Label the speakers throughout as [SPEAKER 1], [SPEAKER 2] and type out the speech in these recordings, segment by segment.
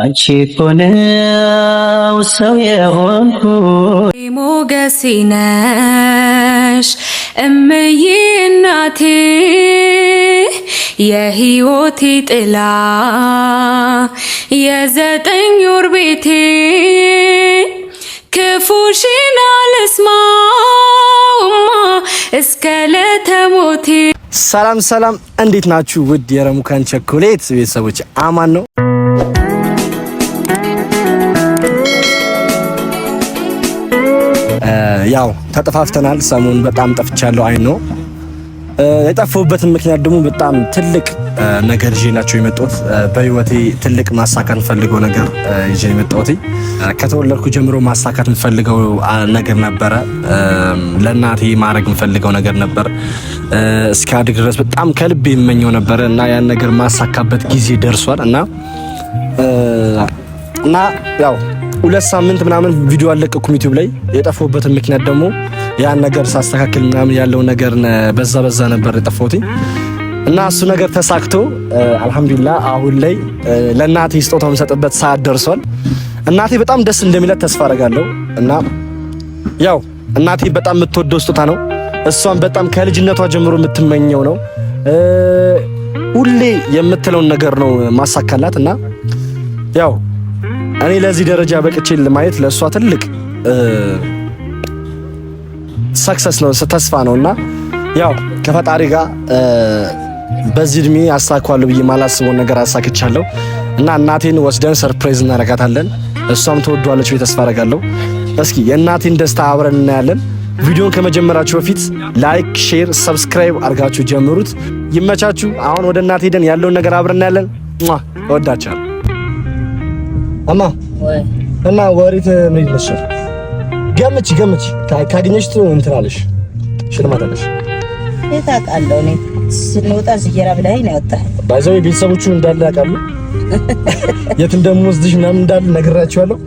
[SPEAKER 1] አንቺ እኮ ነው ሰው የሆንኩት
[SPEAKER 2] ሞገሴ ነሽ እምዬ እናቴ የህይወቴ ጥላ የዘጠኝ ወር ቤቴ ክፉሽን አልስማውማ እስከ ለተሞቴ።
[SPEAKER 1] ሰላም ሰላም፣ እንዴት ናችሁ? ውድ የረሙካን ቸኮሌት ቤተሰቦች አማን ነው። ያው ተጠፋፍተናል። ሰሞኑን በጣም ጠፍቻለሁ። አይ ነው የጠፉበትን ምክንያት ደግሞ በጣም ትልቅ ነገር ናቸው የመጣሁት በህይወቴ ትልቅ ማሳካት የምፈልገው ነገር ይዤ የመጣሁት ከተወለድኩ ጀምሮ ማሳካት የምፈልገው ነገር ነበረ። ለእናቴ ማድረግ የምፈልገው ነገር ነበር። እስከ አድግ ድረስ በጣም ከልብ የመኘው ነበረ እና ያን ነገር ማሳካበት ጊዜ ደርሷል እና እና ያው ሁለት ሳምንት ምናምን ቪዲዮ አለቀኩም ዩቲዩብ ላይ የጠፉበትን ምክንያት ደግሞ ያን ነገር ሳስተካክል ምናምን ያለው ነገር በዛ በዛ ነበር የጠፋሁት እና እሱ ነገር ተሳክቶ አልሐምዱላ አሁን ላይ ለእናቴ ስጦታ የምሰጥበት ሰዓት ደርሷል። እናቴ በጣም ደስ እንደሚላት ተስፋ አደርጋለሁ እና ያው እናቴ በጣም የምትወደው ስጦታ ነው። እሷን በጣም ከልጅነቷ ጀምሮ የምትመኘው ነው። ሁሌ የምትለውን ነገር ነው ማሳካላት እና ያው እኔ ለዚህ ደረጃ በቅቼ ማየት ለእሷ ትልቅ ሰክሰስ ነው ተስፋ ነው እና ያው ከፈጣሪ ጋር በዚህ እድሜ አሳካዋለሁ ብዬ ማላስበውን ነገር አሳክቻለሁ እና እናቴን ወስደን ሰርፕራይዝ እናረጋታለን። እሷም ተወዷለች ብዬ ተስፋ አረጋለሁ። እስኪ የእናቴን ደስታ አብረን እናያለን። ቪዲዮን ከመጀመራችሁ በፊት ላይክ፣ ሼር፣ ሰብስክራይብ አድርጋችሁ ጀምሩት። ይመቻችሁ። አሁን ወደ እናቴ ሄደን ያለውን ነገር አብረን እናያለን። እወዳችኋለሁ። አማ እና ወሪት ምን ይመስላል? ገምች ገምች ካገኘሽ እንትን አለሽ ሽልማት አለሽ።
[SPEAKER 3] የት አውቃለሁ እኔ ስንወጣ ዝየራ ብለኸኝ ነው ያወጣህ።
[SPEAKER 1] ባይዘው ቤተሰቦቹ እንዳለ ያውቃሉ። የት እንደምወስድሽ ምናምን እንዳለ ነግራቸዋለሁ።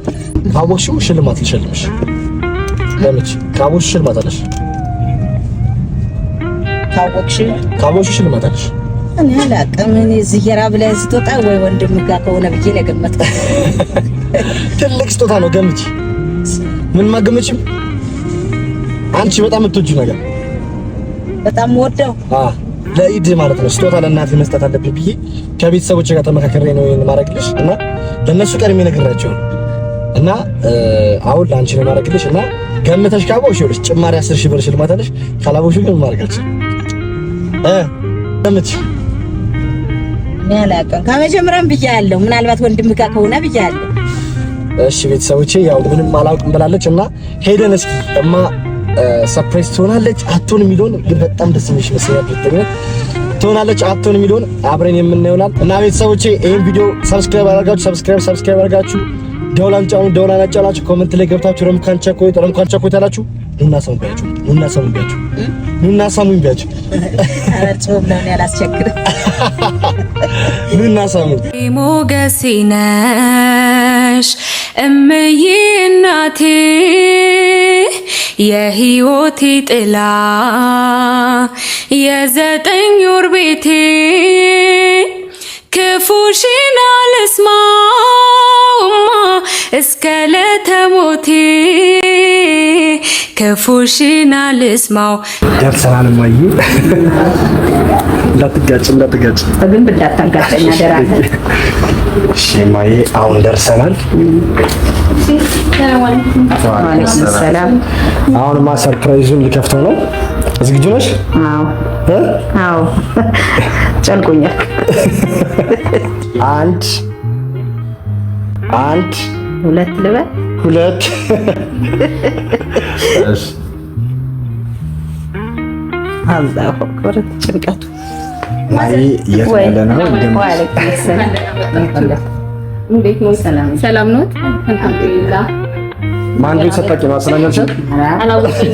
[SPEAKER 1] ካወቅሽው ሽልማት ልሸልምሽ። ገምች ካወቅሽው ሽልማት አለሽ። ካወቅሽው ካወቅሽው ሽልማት አለሽ።
[SPEAKER 3] እኔ አላውቅም። እኔ ዝየራ ብለህ ስትወጣ ወይ ወንድም ጋር ከሆነ ብዬ ነው የገመትኩት።
[SPEAKER 1] ትልቅ ስጦታ ነው ገምች ምን ማገመችም አንቺ በጣም የምትወጂው ነገር
[SPEAKER 3] በጣም ወደው
[SPEAKER 1] ለኢድ ማለት ነው ስጦታ ለእናቴ መስጠት አለብኝ ብዬ ከቤተሰቦች ጋር ተመካከሬ ነው ይሄን ማረግልሽ እና ለነሱ ቀድሜ ነግራቸው እና አሁን ለአንቺ ነው ማረግልሽ እና ገምተሽ ካቦሽ ይኸውልሽ ጭማሪ 10 ሺህ ብር ሽልማት አለሽ። ካላቦሽ ግን ማረጋች እ ገምት
[SPEAKER 3] ያላቀን ከመጀመሪያም ብዬሽ አለው ምናልባት ወንድም ጋር ከሆነ ብዬሽ አለው
[SPEAKER 1] እሺ ቤተሰቦቼ ያው ምንም አላውቅም ብላለች እና ሄደን እስኪ እማ ሰርፕራይዝ ትሆናለች አትሆን የሚለውን ግን በጣም ደስ የሚልሽ መሰለኝ ብትገኝ ትሆናለች አትሆን የሚለውን አብረን የምናየው እና ቤተሰቦቼ ይሄን ቪዲዮ ሰብስክራይብ አድርጋችሁ ሰብስክራይብ ሰብስክራይብ አድርጋችሁ ደውላን ጫኑ ደውላን አጫናችሁ ኮሜንት ላይ ገብታችሁ ረምካን ቸኮይ ረምካን ቸኮይ ታላችሁ ኑና ሰሙኝ ቢያችሁ ኑና ሰሙኝ ቢያችሁ ኑና ሰሙኝ ቢያችሁ
[SPEAKER 3] አረጽሁም ነው ያላስቸግር
[SPEAKER 1] ኑና ሰሙኝ
[SPEAKER 2] ሞገሴ ነሽ እምዬ እናቴ የህይወቴ ጥላ የዘጠኝ ወር ቤቴ ክፉሽን አልስማውማ እስከ ለተሞቴ ክፉሽን አልስማው።
[SPEAKER 1] ደርሰናል። እማዬ እንዳትጋጭ እንዳትጋጭ፣
[SPEAKER 3] ግን እንዳታጋጨኝ አደራ።
[SPEAKER 1] እሺ እማዬ፣ አሁን ደርሰናል። አሁንማ ሰርፕራይዙን ሊከፍተው ነው። ዝግጁ ነሽ?
[SPEAKER 3] አዎ። ጨንቆኛል።
[SPEAKER 1] አንድ አንድ
[SPEAKER 3] ሁለት ልበል ሁለት አላሁ አክበር ጭንቀቱ የት ነው
[SPEAKER 4] ነው? አስናኛችን ተቀመጪ።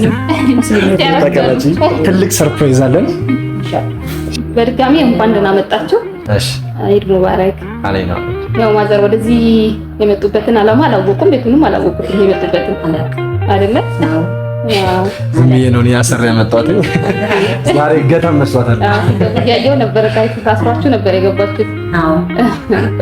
[SPEAKER 1] ትልቅ ሰርፕራይዝ አለን።
[SPEAKER 4] በድጋሚ እንኳን ደህና መጣችሁ። ኢድ ሙባረክ። ያው ማዘር ወደዚህ የመጡበትን አላማ አላወቁም፣ ቤቱንም አላወቁትም። የመጡበትን አይደለ
[SPEAKER 1] ዝምዬ ነው ያሰራ ያመጣት ዛሬ ገተም መስዋታል
[SPEAKER 4] ያየው ነበር። ካይቱ ታስራችሁ ነበር የገባችሁት?
[SPEAKER 3] አዎ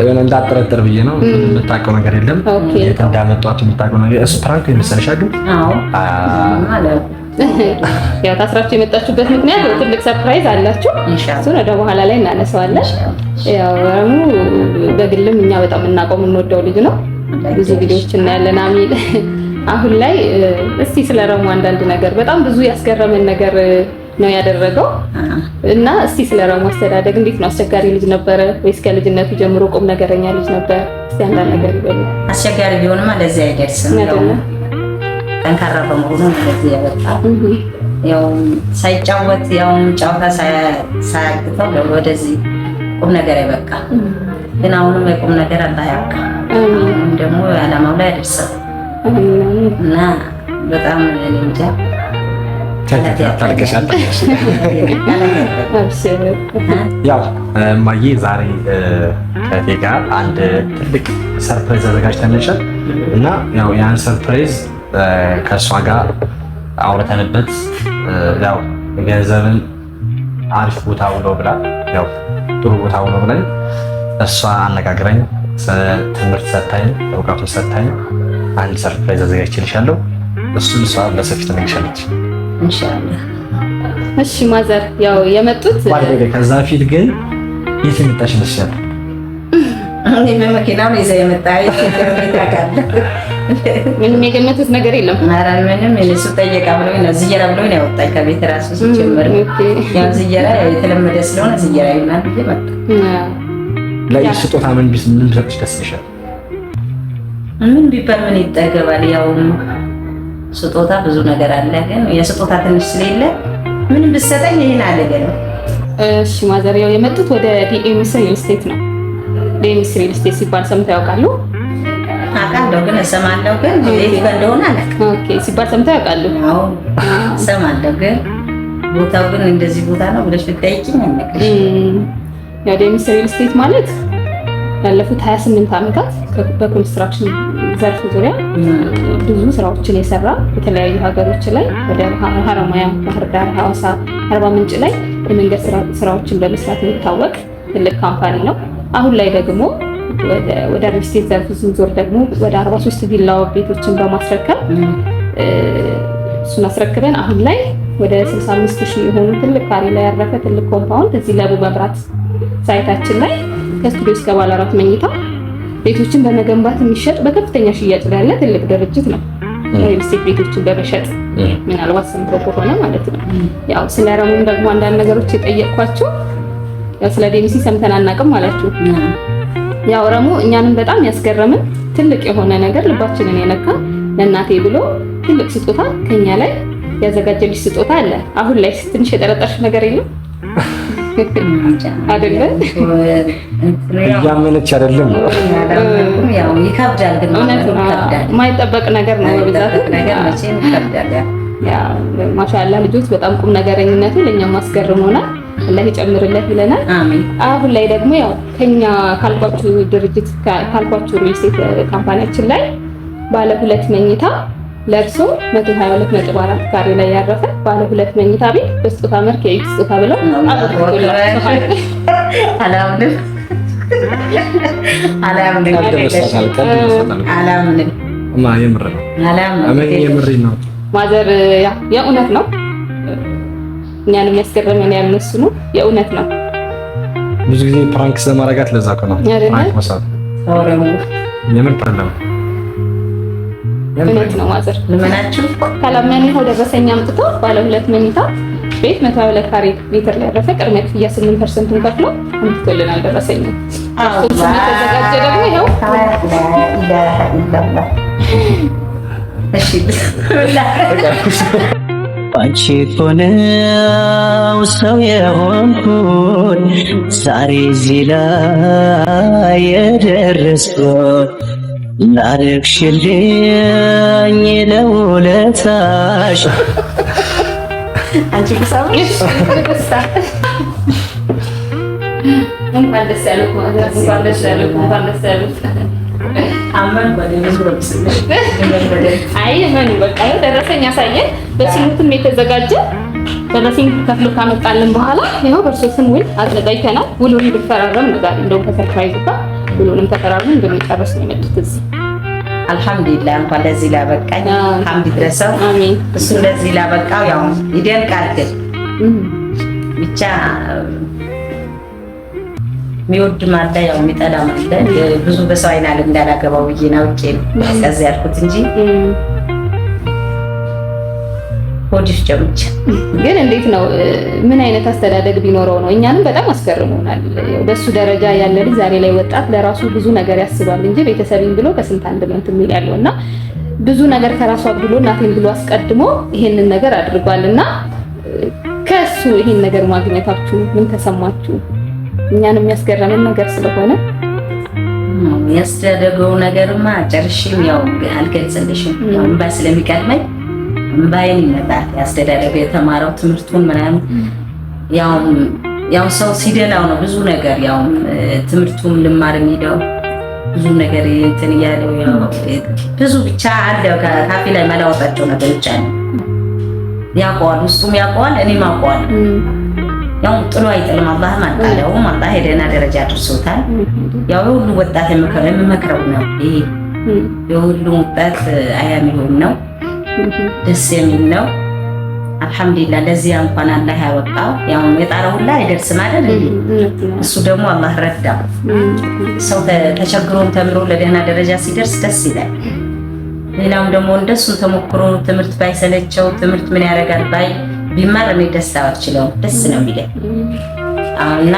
[SPEAKER 1] እኔ እንዳጠረጥር ብዬ ነው። የምታውቀው ነገር የለም። የት እንዳመጣችሁ የምታውቀው ነገር እሱ ፕራንክ የመሰለሻ ግን
[SPEAKER 3] አዎ አዎ
[SPEAKER 4] ያው ታስራችሁ የመጣችሁበት ምክንያት ትልቅ ሰርፕራይዝ አላችሁ። እሱን ወደ በኋላ ላይ እናነሳዋለን። ያው ደግሞ በግልም እኛ በጣም እናውቀው የምንወደው ልጅ ነው። ብዙ ቪዲዮዎች እናያለን። አሚል አሁን ላይ እስቲ ስለ ረሙ አንዳንድ ነገር በጣም ብዙ ያስገረመን ነገር ነው ያደረገው እና እስቲ ስለ ረሙ አስተዳደግ እንዴት ነው? አስቸጋሪ ልጅ ነበረ ወይስ ከልጅነቱ ጀምሮ ቁም ነገረኛ ልጅ ነበር? እስቲ አንዳንድ ነገር ይበሉ።
[SPEAKER 3] አስቸጋሪ ቢሆንማ ለዚህ አይደርስም። ጠንካራ በመሆኑ ለዚህ ያበጣ ያው ሳይጫወት ያው ጨዋታ ሳያግተው ወደዚህ ቁም ነገር ያበቃ ግን አሁንም የቁም ነገር አላያካ ደግሞ ዓላማው ላይ አደርሰው እና በጣም እንጃ
[SPEAKER 1] ያው እማዬ ዛሬ ከእቴ ጋር አንድ ትልቅ ሰርፕራይዝ አዘጋጅተንልሻል እና ያው ያን ሰርፕራይዝ ከእሷ ጋር አውርተንበት ያው ገንዘብን አሪፍ ቦታ ውሎ ብላ ያው ጥሩ ቦታ ውሎ ብለን እሷ አነጋግራኝ ትምህርት ሰታኝ እውቀቱን ሰታኝ አንድ ሰርፕራይዝ አዘጋጅቼልሻለሁ። እሱን እሷ በሰፊ ትነግሻለች።
[SPEAKER 4] እሺ ማዘር፣ ያው የመጡት
[SPEAKER 1] ከዛ ፊት ግን የት የመጣሽ ይመስላል?
[SPEAKER 3] እኔ መኪና ነው ይዘህ የመጣኸው?
[SPEAKER 4] ምንም የገመትት ነገር የለም።
[SPEAKER 3] ኧረ ምንም እሱ ጠየቃ ብሎኝ ነው ዝየራ ብሎኝ ነው ያወጣኝ ከቤት ራሱ ሲጀምር ያው ዝየራ የተለመደ ስለሆነ ዝየራ ይሆናል ብዬ
[SPEAKER 4] መጣሁ።
[SPEAKER 1] ላይ ስጦታ ምን ቢስ ምን ብሰጥሽ ደስ ይሻል?
[SPEAKER 3] ምን ቢባል ምን ይጠገባል? ያው ስጦታ ብዙ ነገር አለ፣ ግን የስጦታ ትንሽ ስለሌለ ምን ብሰጠኝ ይሄን አለ ገና።
[SPEAKER 4] እሺ ማዘር፣ ያው የመጡት ወደ ዲኤምስ ሪል ስቴት ነው። ዲኤምስ ሪል ስቴት ሲባል ሰምተው ያውቃሉ?
[SPEAKER 3] አውቃለሁ፣ ግን እሰማለሁ፣ ግን ቤት እንደሆነ አላውቅም።
[SPEAKER 4] ኦኬ፣ ሲባል ሰምተው ያውቃሉ?
[SPEAKER 3] አዎ እሰማለሁ፣ ግን ቦታው ግን እንደዚህ ቦታ ነው ብለሽ ብትጠይቂኝ
[SPEAKER 4] የአደሚስ ሪል ስቴት ማለት ያለፉት 28 ዓመታት በኮንስትራክሽን ዘርፍ ዙሪያ ብዙ ስራዎችን የሰራ የተለያዩ ሀገሮች ላይ ወደ ሀረማያ፣ ባህርዳር፣ ሀዋሳ፣ አርባ ምንጭ ላይ የመንገድ ስራዎችን በመስራት የሚታወቅ ትልቅ ካምፓኒ ነው። አሁን ላይ ደግሞ ወደ ሪል ስቴት ዘርፍ ስንዞር ደግሞ ወደ 43 ቪላ ቤቶችን በማስረከብ እሱን አስረክበን አሁን ላይ ወደ 65 ሺህ የሆኑ ትልቅ ካሬ ላይ ያረፈ ትልቅ ኮምፓውንድ እዚህ ለቡ መብራት ሳይታችን ላይ ከስቱዲዮ እስከ ባለ አራት መኝታ ቤቶችን በመገንባት የሚሸጥ በከፍተኛ ሽያጭ ላይ ያለ ትልቅ ድርጅት ነው። ሪልስቴት ቤቶችን በመሸጥ ምናልባት ሰምቶ ከሆነ ማለት ነው። ያው ስለ ረሙን ደግሞ አንዳንድ ነገሮች የጠየቅኳቸው ያው ስለ ዴሚሲ ሰምተን አናውቅም አላችሁ። ያው ረሙ እኛንም በጣም ያስገረምን ትልቅ የሆነ ነገር ልባችንን የነካ ለእናቴ ብሎ ትልቅ ስጦታ ከኛ ላይ ያዘጋጀልሽ ስጦታ አለ። አሁን ላይ ትንሽ የጠረጠርሽ ነገር የለም? ትክክል
[SPEAKER 1] እያመነች አይደለም።
[SPEAKER 3] ይከብዳል፣ ግን
[SPEAKER 4] የማይጠበቅ ነገር ነው።
[SPEAKER 3] በብዛት
[SPEAKER 4] ማሻላ ልጆች በጣም ቁም ነገረኝነቱ ለእኛም አስገርሞናል። አላህ ይጨምርለት ብለናል። አሁን ላይ ደግሞ ያው ከኛ ካልኳችሁ ድርጅት ካልኳችሁ ሪል ስቴት ካምፓኒያችን ላይ ባለ ሁለት መኝታ ለቅሶ 4 ካሬ ላይ ያረፈ ባለ ሁለት መኝታ ቤት በስጦታ መልክ የኢድ ስጦታ ብለው ማዘር የእውነት ነው። እኛን የሚያስገርመን ያልን እሱ ነው። የእውነት ነው።
[SPEAKER 1] ብዙ ጊዜ ፕራንክ ስለማረጋት ለዛ ነው
[SPEAKER 4] እውነት ነው ማዘር። ልመናችሁ ካላመኔ ወደ በሰኛ አምጥቶ ባለ ሁለት መኝታ ቤት መቶ ሀያ ሁለት ካሬ ሜትር ላይ ያረፈ ቅድመ ክፍያ ስምንት ፐርሰንቱን ከፍሎ አምጥቶልናል። ደረሰኝ ተዘጋጀ። ደግሞ ይኸው
[SPEAKER 2] አንቺ እኮ ሰው የሆንኩት ዛሬ እዚህ ላይ የደረስኩት ላረግሽልኝ ለውለታሽ
[SPEAKER 4] ደረሰኝ ያሳየን። በስሙትም የተዘጋጀ ደረሰኝ ከፍሎ ካመጣልን በኋላ ይኸው በእርሶ ስም ውል አዘጋጅተናል። ውሉን ብፈራረም ነው ዛሬ እንደውም ከሰርፕራይዝ ጋር ውሉንም ተፈራርመን እንደሚጨርስ ነው የመጡት እዚህ
[SPEAKER 3] አልሐምዱሊላህ እንኳን ለዚህ ላበቃኝ ሐምድ ይድረሰው። እሱ ለዚህ ላበቃው ያው ይደንቃል፣ ግን ብቻ የሚወድም አለ፣ ያው የሚጠላም አለ። ብዙ በሰው አይናል እንዳላገባው ብዬ ናውቄ ነው ከዚህ ያልኩት እንጂ ሆዲስ ጀምጭ
[SPEAKER 4] ግን እንዴት ነው? ምን አይነት አስተዳደግ ቢኖረው ነው? እኛንም በጣም አስገርሞናል። በሱ ደረጃ ያለ ልጅ ዛሬ ላይ ወጣት ለራሱ ብዙ ነገር ያስባል እንጂ ቤተሰብን ብሎ ከስንት አንድ ነው የሚል ያለው እና ብዙ ነገር ከራሱ ብሎ እናቴን ብሎ አስቀድሞ ይሄንን ነገር አድርጓልና ከሱ ይሄን ነገር ማግኘታችሁ ምን ተሰማችሁ? እኛንም የሚያስገርመን ነገር ስለሆነ
[SPEAKER 3] ያስተዳደገው ነገርማ ጨርሽም ያው አልገልጽልሽም ያው እምባ ስለሚቀድመኝ እምባይን ይመጣል ያስተዳደገ የተማረው ትምህርቱን ምናምን ያው ሰው ሲደላው ነው ብዙ ነገር ያው ትምህርቱን ልማር የሚለው ብዙ ነገር እንትን እያለው ብዙ ብቻ አለ። ካፌ ላይ ማላወጣቸው ነገሮች አሉ። ያውቀዋል፣ ውስጡም ያውቀዋል፣ እኔም አውቀዋል። ያው ጥሎ አይጥልም አላህ አልጣለውም። አላህ የደህና ደረጃ አድርሶታል። ያው የሁሉ ወጣት የምመክረው ነው ይሄ የሁሉ ወጣት አያም ይሆን ነው ደስ የሚል ነው። አልሐምዱሊላ ለዚያ እንኳን አላህ ያወጣው ያው የጣረው ላይ አይደርስም አይደል? እሱ ደግሞ አላህ ረዳው። ሰው ተቸግሮም ተምሮ ለደህና ደረጃ ሲደርስ ደስ ይላል። ሌላውም ደግሞ እንደሱ ተሞክሮ ትምህርት ባይሰለቸው ትምህርት ምን ያደርጋል ባይ ቢማር እኔ ደስታ አልችለውም። ደስ ነው የሚለኝ እና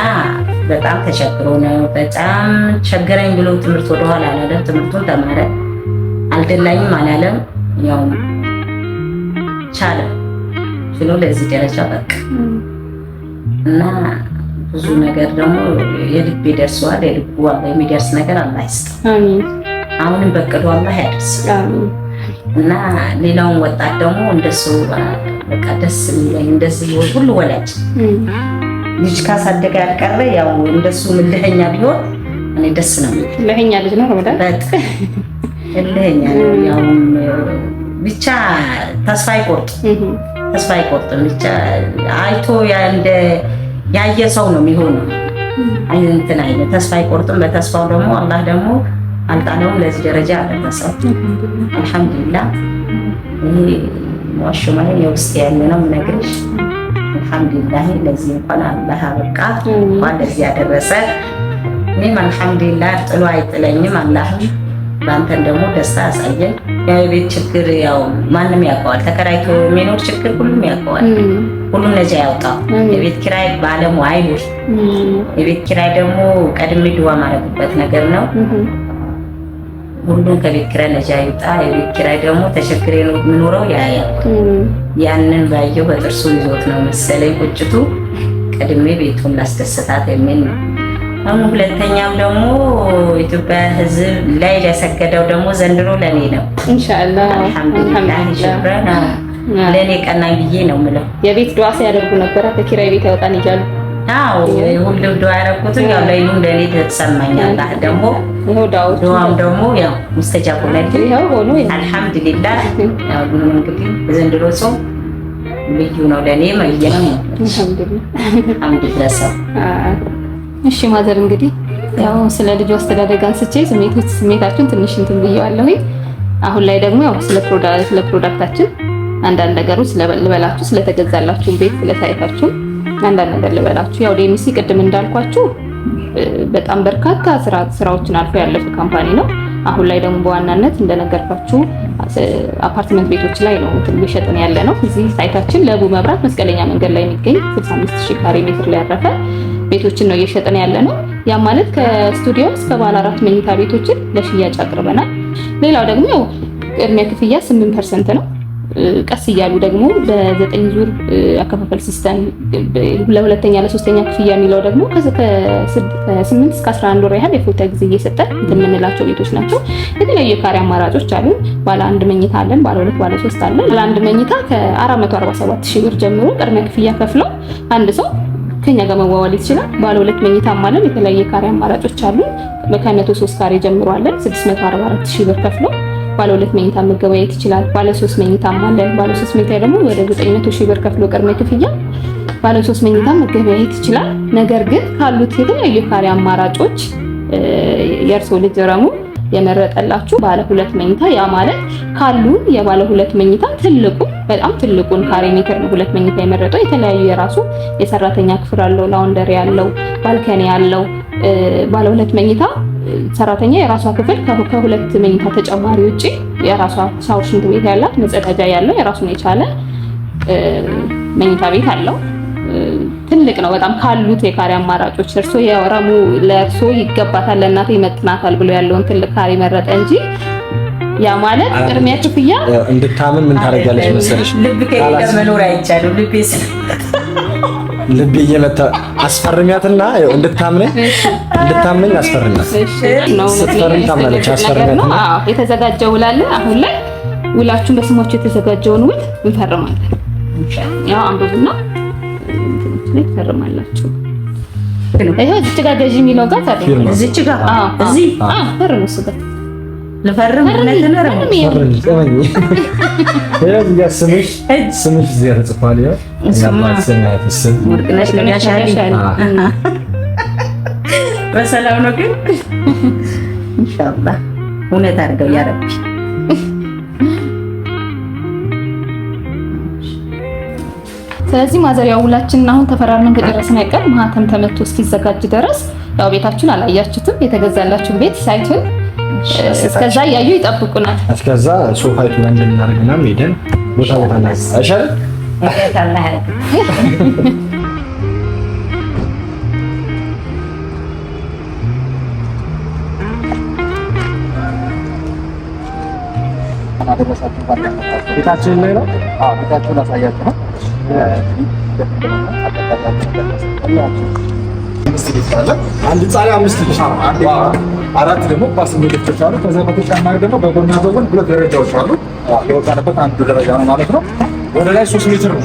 [SPEAKER 3] በጣም ተቸግሮ ነው በጣም ቸገረኝ ብሎ ትምህርት ወደኋላ አላለም። ትምህርቱን ተማረ። አልደላኝም አላለም ያው ቻለ ችሎ ለዚህ ደረጃ በቃ እና ብዙ ነገር ደግሞ የልቤ ደርሰዋል። የልቡ ዋጋ የሚደርስ ነገር አላህ ይስጠው። አሁንም በቅዶ አላህ ያደርስ እና ሌላውን ወጣት ደግሞ እንደሱ በቃ ደስ የሚለኝ እንደዚህ ሁሉ ወላጅ ልጅ ካሳደገ ያልቀረ ያው እንደሱ እልህኛ ቢሆን እኔ ደስ ነው
[SPEAKER 4] እልህኛ ልጅ ነው በጣም
[SPEAKER 3] እልህኛ ነው ያው ብቻ ተስፋ አይቆርጥ ተስፋ አይቆርጥም። ብቻ አይቶ እንደ ያየ ሰው ነው የሚሆነው። እንትን አይነ ተስፋ አይቆርጥም። በተስፋው ደግሞ አላህ ደግሞ አልጣለውም ለዚህ ደረጃ አደረሰው። አልሐምዱሊላህ ይሄ ዋሽ ማለት የውስጥ ያለ ነው የምነግርሽ። አልሐምዱሊላህ ለዚህ እንኳን አላህ አበቃ እንኳን ለዚህ ያደረሰ። እኔም አልሐምዱሊላህ ጥሎ አይጥለኝም። አላህም በአንተን ደግሞ ደስታ ያሳየን። የቤት ችግር ያው ማንም ያውቀዋል። ተከራይቶ የሚኖር ችግር ሁሉም ያውቀዋል። ሁሉም ነዚያ ያውጣው። የቤት ኪራይ በአለሙ አይኖር። የቤት ኪራይ ደግሞ ቀድሜ ድዋ ማድረግበት ነገር ነው። ሁሉም ከቤት ኪራይ ነዚያ ይውጣ። የቤት ኪራይ ደግሞ ተቸግሬ የምኖረው ያያል። ያንን ባየው በጥርሱ ይዞት ነው መሰለኝ ቁጭቱ። ቀድሜ ቤቱን ላስደስታት የሚል ነው አሁን ሁለተኛው ደግሞ ኢትዮጵያ ሕዝብ ላይ ለሰገደው ደግሞ ዘንድሮ ለኔ ነው። ኢንሻአላህ አልሐምዱሊላህ ሸብረና ለኔ ቀናኝ ብዬ ነው የምለው።
[SPEAKER 4] የቤት ዱዓ ሲያደርጉ ነበር ከኪራይ ቤት ያወጣን እያሉ።
[SPEAKER 3] አዎ ሁሉም ዱዓ ያደረኩት ያው ለይሉ ለኔ ተሰማኛላህ። ደግሞ ይሄው ዱዓም ደግሞ ያው ሙስተጃብ ነው። ይሄው ሆኖ አልሐምዱሊላህ። ያው እንግዲህ ዘንድሮ ጾም ልዩ ነው ለኔ ማለት ነው።
[SPEAKER 4] አልሐምዱሊላህ
[SPEAKER 3] አልሐምዱሊላህ
[SPEAKER 4] እሺ ማዘር እንግዲህ ያው ስለ ልጁ አስተዳደግ አንስቼ ስሜቶች ስሜታችን ትንሽ እንትን ብየዋለሁ። አሁን ላይ ደግሞ ያው ስለ ፕሮዳክት ስለ ፕሮዳክታችን አንዳንድ ነገሮች ስለልበላችሁ ስለተገዛላችሁ ቤት ስለታይታችሁ አንዳንድ ነገር ልበላችሁ። ያው ዴሚሲ ቅድም እንዳልኳችሁ በጣም በርካታ ስራዎችን አልፎ ያለፈ ካምፓኒ ነው። አሁን ላይ ደግሞ በዋናነት እንደነገርኳችሁ አፓርትመንት ቤቶች ላይ ነው እየሸጥን ያለ ነው። እዚህ ሳይታችን ለቡ መብራት መስቀለኛ መንገድ ላይ የሚገኝ 65 ሺህ ካሬ ሜትር ላይ ያረፈ ቤቶችን ነው እየሸጥን ያለ ነው። ያ ማለት ከስቱዲዮ እስከ ባለ አራት መኝታ ቤቶችን ለሽያጭ አቅርበናል። ሌላው ደግሞ ቅድሚያ ክፍያ 8% ነው። ቀስ እያሉ ደግሞ በዘጠኝ ዙር አከፋፈል ሲስተም ለሁለተኛ ለሶስተኛ ክፍያ የሚለው ደግሞ ከስምንት እስከ 11 ወር ያህል የፎታ ጊዜ እየሰጠ የምንላቸው ቤቶች ናቸው። የተለያዩ የካሬ አማራጮች አሉ። ባለ አንድ መኝታ አለን፣ ባለ ሁለት ባለ ሶስት አለን። ባለ አንድ መኝታ አርባ ሰባት ሺህ ብር ጀምሮ ቅድሚያ ክፍያ ከፍለው አንድ ሰው ከኛ ጋር መዋዋል ይችላል። ባለ ሁለት መኝታ አለን። የተለያየ ካሬ አማራጮች አሉ። ከመቶ ሶስት ካሬ ጀምሮ አለን። 644 ሺህ ብር ከፍሎ ባለ ሁለት መኝታ መገበያየት ይችላል። ባለ ሶስት መኝታ አለን። ባለ ሶስት መኝታ ደግሞ ወደ 900 ሺህ ብር ከፍሎ ቅድመ ክፍያ ባለ ሶስት መኝታ መገበያየት ይችላል። ነገር ግን ካሉት የተለያዩ ካሬ አማራጮች የእርሶ ልጅ ረሙ የመረጠላችሁ ባለ ሁለት መኝታ ያ ማለት ካሉ የባለ ሁለት መኝታ ትልቁ በጣም ትልቁን ካሬ ሜትር ነው ሁለት መኝታ የመረጠው። የተለያዩ የራሱ የሰራተኛ ክፍል አለው፣ ላውንደሪ ያለው፣ ባልከኒ ያለው ባለ ሁለት መኝታ ሰራተኛ የራሷ ክፍል ከሁለት መኝታ ተጨማሪ ውጭ የራሷ ሻወር፣ ሽንት ቤት ያላት መጸዳጃ ያለው የራሱን የቻለ መኝታ ቤት አለው። ትልቅ ነው በጣም ካሉት የካሬ አማራጮች። እርሶ የረሙ ለእርሶ ይገባታል ለእናቴ ይመጥናታል ብሎ ያለውን ትልቅ ካሬ መረጠ እንጂ ያ ማለት ቅድሚያ ክፍያ
[SPEAKER 1] እንድታምን ምን ታደርጊያለሽ መሰለሽ? ልቤ እየመታ አስፈርሚያትና እንድታምነኝ እንድታምነኝ አስፈርሚያት። ስትፈርም ታምናለች። አስፈርሚያትና
[SPEAKER 4] የተዘጋጀ ውል አለ። አሁን ላይ ውላችሁን በስማችሁ የተዘጋጀውን ውል እንፈርማለን። ያው አንብብና ላይ ትፈርማላችሁ። ይሄ እዚህ ጋር ገዢ የሚለው ጋር ታዲያ እዚህ ጋር አዎ እዚህ አዎ ፈርሙ እሱ ጋር
[SPEAKER 3] ልፈርም በሰላም ነው ግን ኢንሻአላህ እውነት አድርገው ያ
[SPEAKER 4] ስለዚህ ማዘሪያው ሁላችንን አሁን ተፈራርመን ከጨረስን አይቀር ማህተም ተመቶ እስኪዘጋጅ ድረስ ያው ቤታችሁን አላያችሁትም። የተገዛላችሁን ቤት ሳይቱን እስከዛ እያዩ ይጠብቁናል።
[SPEAKER 1] እስከዛ ሶፋ ይቱ እንደምናደርግ ምናምን ሄደን ቦታ ቦታ አይሻል ቤታችን ላይ ነው። ቤታችሁን አሳያችሁ ነው። ልጅ አለ። አንድ ህፃን አምስት ልጅ አራት ደግሞ ኳስ ምልክቶች አሉ። ከዛ በተጨማሪ ደግሞ በጎና በጎን ሁለት ደረጃዎች አሉ። የወጣንበት አንዱ ደረጃ ነው ማለት ነው። ወደ ላይ ሶስት ሜትር ነው።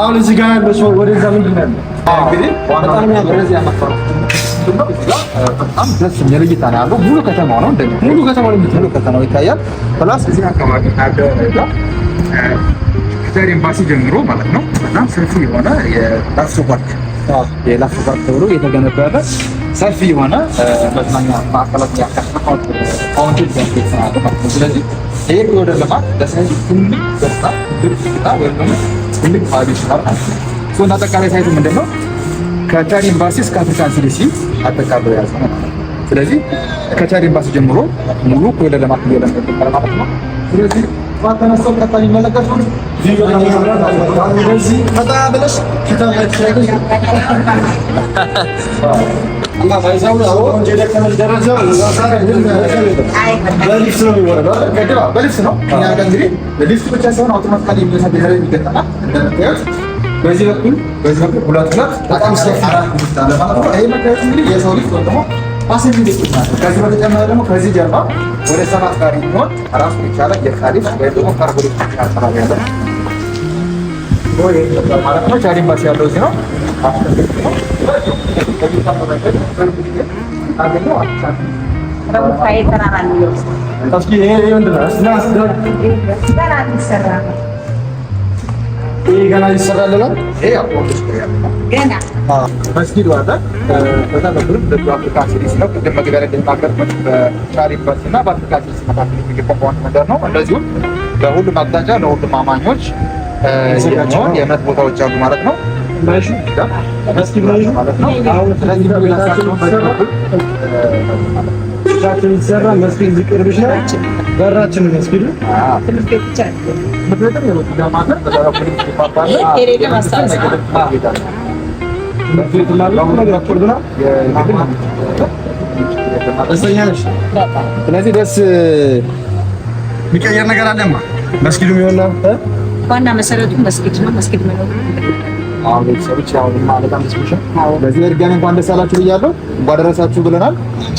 [SPEAKER 1] አሁን እዚህ ጋር ያለ ሰው ወደዛ ምንድን ነው በጣም ደስ የሚል እይታ ነው ያለው። ሙሉ ከተማው ነው እንደሚሆን ሙሉ ከተማው ነው ሙሉ ከተማው ይታያል። ፕላስ እዚህ አካባቢ ካገዛ ከኢምባሲ ጀምሮ ማለት ነው በጣም ሰፊ የሆነ የዳስ ፓርክ የላፍ ተብሎ የተገነበበ ሰፊ የሆነ መዝናኛ ማዕከላት ያካተተው ካውንቲል ጃኬት ልማት ለሳይቱ ትልቅ ደስታ፣ ትልቅ ወይም ደግሞ ትልቅ ፋይዳ ይችላል ማለት ነው። አጠቃላይ ሳይቱ ምንድን ነው ከቻድ ኤምባሲ እስከ አፍሪካን ሲዲሲ አጠቃሎ የያዘ ነው። ስለዚህ ከቻድ ኤምባሲ ጀምሮ ሙሉ ኮሪደር ልማት እየለመ ማለት ነው። ስለዚህ ባተነሰው ቀጣይ የሚመለከቱት በሊፍት ነው። እንግዲህ ሊፍት ብቻ ሳይሆን አውቶማቲካሊ የሚገጠማል እንደምታዩት በዚህ በኩል በዚህ በኩል ሁለት ሁለት በጣም ሰፊ አራት መታየት እንግዲህ የሰው ልጅ ወይም ደግሞ ፋሲሊቲ ናቸው። ከዚህ በተጨማሪ ደግሞ ከዚህ ጀርባ ወደ ሰባት ጋር የሚሆን ራሱ የቻለ የካሊፍ ወይም ደግሞ ካርቦሌት አካባቢ ያለ ማለት ነው። ቻድ ኤምባሲ ያለው እዚህ ነው። ገና ይሰራል ገና መስጊድ ዋዛ በዛ በኩል ደቡብ አፍሪካ ሲሪስ ነው። ቅድም መግቢያ ላይ እንደተናገርኩት በቻሪ ዩኒቨርሲቲ እና በአፍሪካ ሲሪስ መካከል የሚገባባውን መንደር ነው። እንደዚሁም በሁሉም አቅጣጫ ለሁሉም አማኞች የሚሆን የእምነት ቦታዎች አሉ ማለት ነው። መስጊድ በራችን ትምህርት
[SPEAKER 3] ቤት ብቻ ነው።
[SPEAKER 1] ስለዚህ ደስ የሚቀየር ነገር አለማ መስጊዱ የሚሆን
[SPEAKER 3] ዋና መሰረቱ መስጊድ ነው። መስጊድ
[SPEAKER 1] በዚህ በድጋሚ እንኳን ደስ አላችሁ ብያለሁ። እንኳን ደረሳችሁ ብለናል።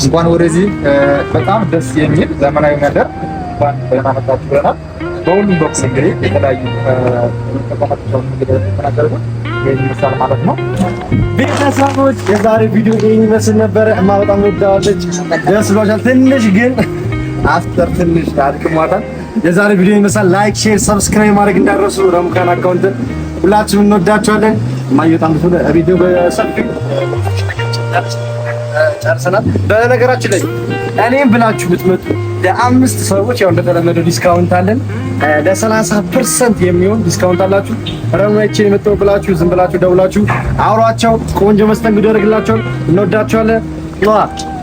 [SPEAKER 1] እንኳን ወደዚህ በጣም ደስ የሚል ዘመናዊ መንደር እንኳን ደህና መጣችሁ ብለናል። በሁሉም በኩል እንግዲህ የተለያዩ ተቋማቶች ተናገርኩት ይሄን ይመስላል ማለት ነው። ቤተሰቦች የዛሬ ቪዲዮ ይሄን ይመስል ነበረ። እማ በጣም ወዳዋለች፣ ደስ ብሏሻል። ትንሽ ግን አፍተር ትንሽ አድክሟታል። የዛሬ ቪዲዮ ይመስላል። ላይክ፣ ሼር፣ ሰብስክራይብ ማድረግ እንዳትረሱ። ረሙካን አካውንት ሁላችሁም እንወዳችኋለን። እማዬ በጣም ቪዲዮ በሰፊው ጨርሰናል። በነገራችን ላይ እኔም ብላችሁ ብትመጡ ለአምስት ሰዎች ያው እንደተለመደው ዲስካውንት አለን። ለሰላሳ ፐርሰንት የሚሆን ዲስካውንት አላችሁ። ረመቼን የመጣው ብላችሁ ዝም ብላችሁ ደውላችሁ አውሯቸው። ቆንጆ መስተንግዶ ያደርግላቸዋል። እንወዳቸዋለን።